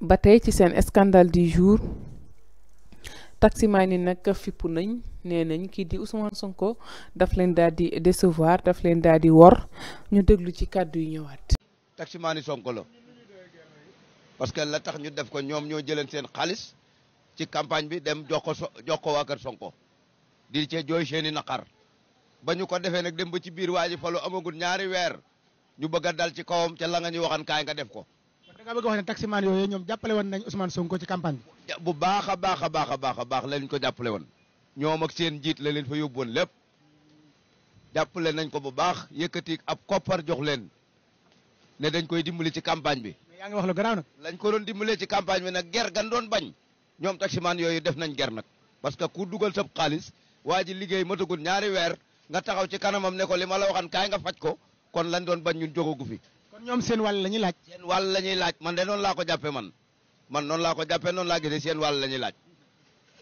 ba tey ci seen scandale du jour taxi yi nag fippu nañ nee nañ kii di Ousmane Sonko daf leen daal di décevoir daf leen daal di wor ñu déglu ci kàddu yi ñëwaat. taxi yi Sonko la parce que la tax ñu def ko ñoom ñoo jëleen seen xaalis ci campagne bi dem jox ko jox Sonko di cee jooy seeni naqar ba ñu ko defee nag dem ba ci biir waa ji falu amagul ñaari ñu bëgg dal ci kawam ci la nga ñu waxan kay nga def ko da nga bëgg wax taxi man yoy ñom jappalé won nañ Ousmane Sonko ci campagne bu baaxa baaxa baaxa baaxa baax lañ ko jappalé won ñom ak seen jitt la leen fa yóbbu lepp jappalé nañ ko bu baax yëkëti ab copper jox leen ne dañ koy dimbali ci campagne bi ya nga wax lu graw nak lañ ko doon dimbalé ci campagne bi nak ger gan doon bañ taxi man yoy def nañ ger nak. parce que ku duggal sa xaalis waji liggéey liggéey matagul ñaari wër nga taxaw ci kanamam ne ko lima la waxan kay nga fajj ko kon lañ doon bañ ñun jógagu fi. kon ñoom seen wàll la ñuy laaj. seen wàll la ñuy laaj man de noon laa ko jàppee man man noonu laa ko jàppee noon laa gisee seen wàll la ñuy laaj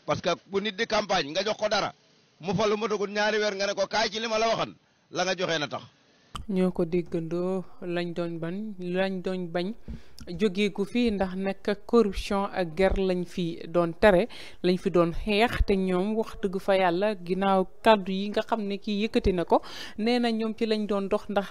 parce que bu nit di campagne nga jox ko dara mu fa lu matagul ñaari weer nga ne ko kaay ci li ma la waxan la nga joxee na tax. ñoo ko déggandoo lañ doon ban lañ doon bañ. jógee jógeeku fi ndax nekk corruption ak ger lañ fi doon tere lañ fi doon xeex te ñoom wax dëgg fa yàlla ginnaaw kàddu yi nga xam ne kii yëkkati na ko nee na ñoom ci lañ doon dox ndax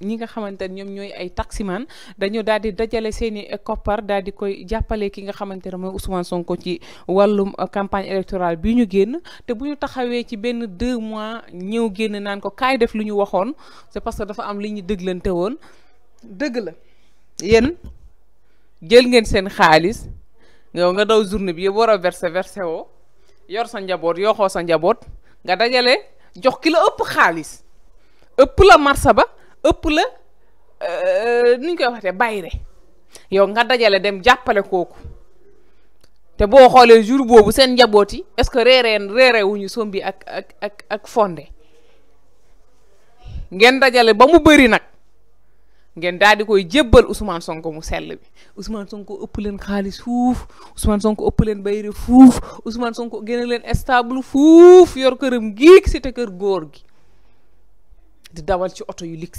ñi nga xamante ne ñoom ñooy ay taximan dañoo daal di dajale seen i koppar daal di koy jàppale ki nga xamante ne mooy Ousmane ko ci wàllum campagne électorale bi ñu génn te bu ñu taxawee ci benn deux mois ñëw génn naan ko kaay def lu ñu waxoon c'est parce que dafa am li ñu dëglante woon dëgg la yéen jël ngeen seen xaalis yow nga daw journée bi yëpp wara a verser verser woo yor sa njaboot yoxoo sa njaboot nga dajale jox ki la ëpp xaalis ëpp la marsa ba ëpp la euh, nu ñu koy waxee bayre yow nga dajale dem jàppale kooku te boo xoolee jour boobu seen njaboot yi est-ce que reereen reere wuñu sombi ak ak ak ak fonde ngeen dajale ba mu bëri nag ngeen daal di koy jébbal Ousmane Sonko mu sell bi Ousmane Sonko ëpp leen xaalis fuuf Ousmane Sonko ëpp leen bayre fuuf Ousmane Sonko gënal leen stable fuuf yor kërëm giik ci te kër goor gi di dawal ci auto yu ligg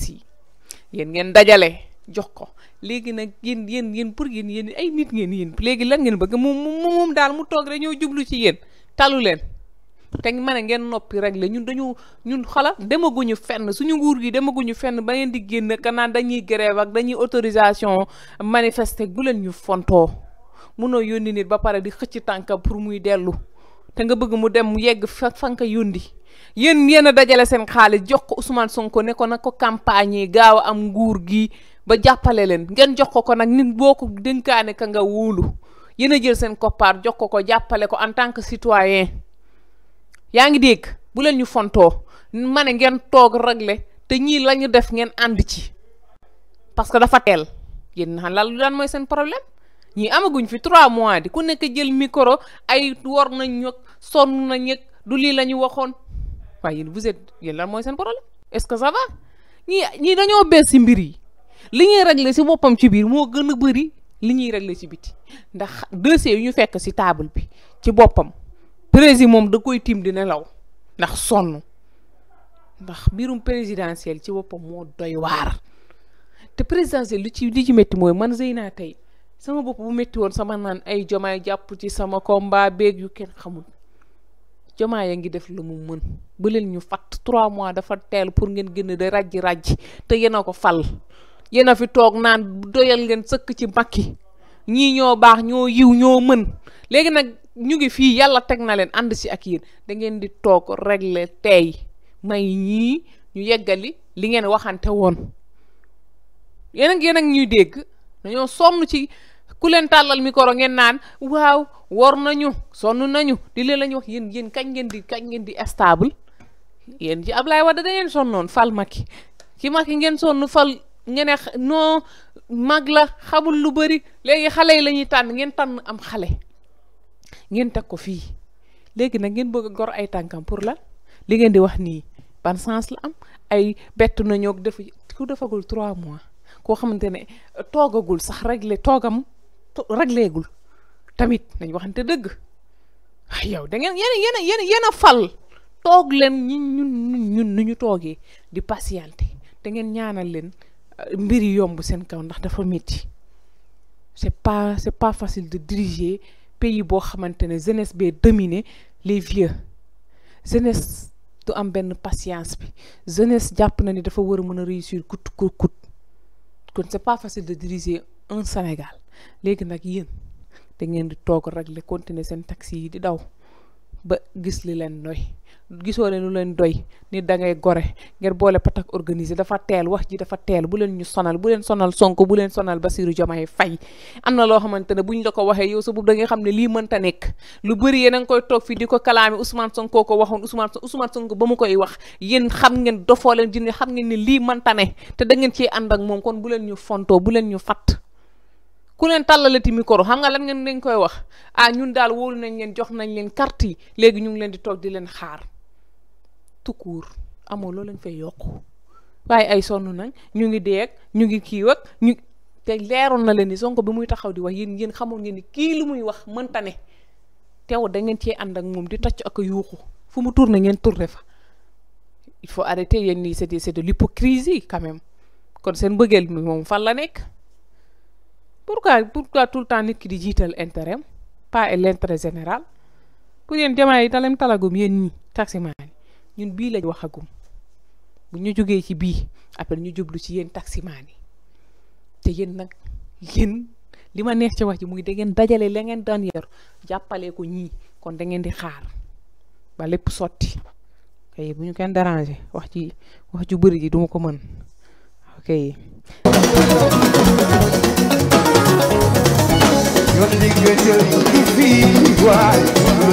yeen ngeen dajale jox ko légui nak yeen yeen yeen pour yeen yeen ay nit ngeen yeen légui lan ngeen bëgg moom moom daal mu toog rek ñoo jublu ci yeen talu leen. te ma ne ngeen noppi rek la ñun dañu ñun xola demaguñu fenn suñu nguur gi demaguñu fenn ba ngeen di génn ka naan dañuy grève ak dañuy autorisation manifester bu leen ñu fontoo munoo yónni nit ba pare di xëcc tànkam pour muy dellu te nga bëgg mu dem mu yegg fa fa nga yóndi yéen yéen a dajale seen xaalis jox ko Ousmane Sonko ne ko nag ko campagne gaaw am nguur gi ba jàppale leen ngeen jox ko ko nag nit boo ko dénkaane ka nga wóolu yéen a jël seen koppaar jox ko ko jàppale ko en tant que citoyen yaa ngi dégg bu leen ñu fontoo ma ne ngeen toog ragle te ñii lañu def ngeen ànd ci parce que dafa teel yéen xam lan lan mooy seen problème ñii amaguñ fi trois mois di ku nekk jël micro ay wor nañ ñëg sonn na ñëg du lii la ñu waxoon waaye yéen vous êtes yéen lan mooy seen problème est-ce que ça ñii ñii dañoo bees si mbir yi li ñuy ragle si boppam ci biir moo gën a bëri li ñuy ragle ci biti ndax dossier yu ñu fekk si table bi ci boppam président moom da koy tiim di nelaw ndax sonn ndax mbirum présidentiel ci boppam moo doy waar te présidentiel lu ci li ci métti mooy man naa tey sama bopp bu métti woon sama naan ay jomaay jàpp ci sama combat beeg yu kenn xamul jomaay a ngi def lu mu mën ba leen ñu fatt trois mois dafa teel pour ngeen génn de rajji rajji te yéen a ko fal yéen a fi toog naan doyal ngeen sëkk ci Macky ñii ñoo baax ñoo yiw ñoo mën léegi nag ñu ngi fii yàlla teg na leen ànd si ak yéen dangeen ngeen di toog régler tey may ñii ñu yeggali li ngeen waxante woon yéen ak yéen ak ñuy dégg dañoo sonn ci ku leen tàllal micro ngeen naan waaw wor nañu sonn nañu di leen la ñu wax yéen yéen kañ ngeen di kañ ngeen di stable yéen ci Ablaye Wade da ngeen sonnoon fal Macky ci Macky ngeen sonn fal ngeen noo mag la xamul lu bari léegi xale yi lañuy tànn ngeen tànn am xale. ngeen tag ko fii léegi nag ngeen bëgg a gor ay tànkam pour la li ngeen di wax nii ban sens la am ay bett nañoo def ku defagul trois mois koo xamante ne euh, toogagul sax réglé toogam régléegul tamit nañ waxante dëgg ay ah, yow da ngeen yéen yéen yéen yéen fal toog leen ñun ñun ñun nu ñu toogee di patienter te ngeen ñaanal leen euh, mbir yi yomb seen kaw ndax dafa métti c'est pas c'est pas facile de diriger pays bo xamantene jeunesse bi dominé les vieux jeunesse du am ben patience bi jeunesse japp na ni dafa wër mëna réussir kout kout coûte kon c'est pas facile de diriger un Sénégal légui nak yeen da ngeen di toog régler le continuer seen taxi yi di daw. ba gis li leen doy gisoo leen lu leen doy ni da ngay gore ngeen boole patak organisé dafa teel wax ji dafa teel bu leen ñu sonal bu leen sonal Sonko bu leen sonal ba Bassirou Diomaye fay am na loo xamante ne bu ñu la ko waxee yow sa boobu da nga xam ne lii mënta nekk lu bëri yéen a koy toog fii di ko kalaami Ousmane Sonko ko waxoon Ousmane Ousmane Sonko ba mu koy wax yéen xam ngeen dofoo leen jinne xam ngeen ne lii mënta ne te da ngeen ciy ànd ak moom kon bu leen ñu fontoo bu leen ñu fatt ku leen tàllalati micro xam nga lan ngeen dañ koy wax ah ñun daal wóolu nañ leen jox nañ leen carte yi léegi ñu ngi leen di toog di leen xaar tukkuur amoo loo leen fay yokku waaye ay sonn nañ ñu ngi deeg ñu ngi kii wak ñu te leeroon na leen ni Sonko bi muy taxaw di wax yéen yéen xamoon ngeen ni kii lu muy wax mënta ne tew da ngeen cee ànd ak moom di tacc ak yuuxu fu mu tourné ngeen tourné fa il faut arrêter yéen nii c'est de l'hypocrisie quand même kon seen bëggeel mi moom fan la nekk pourquoi pourquoi tout le temps nit ki di jital intérêt pas et l'intérêt général pour ñeen jamono yi dalem talagum yeen ñi taxi man ñun bi lañ waxagum bu ñu joggé ci bi après ñu jublu ci yeen taxi man te yeen nak yeen lima neex ci wax ci muy dégen dajalé la ngeen daan yor jappalé ko ñi kon da ngeen di xaar ba lepp soti kay bu ñu déranger wax ci wax ju bëri ji duma ko mën You're the chou yon ki fi waj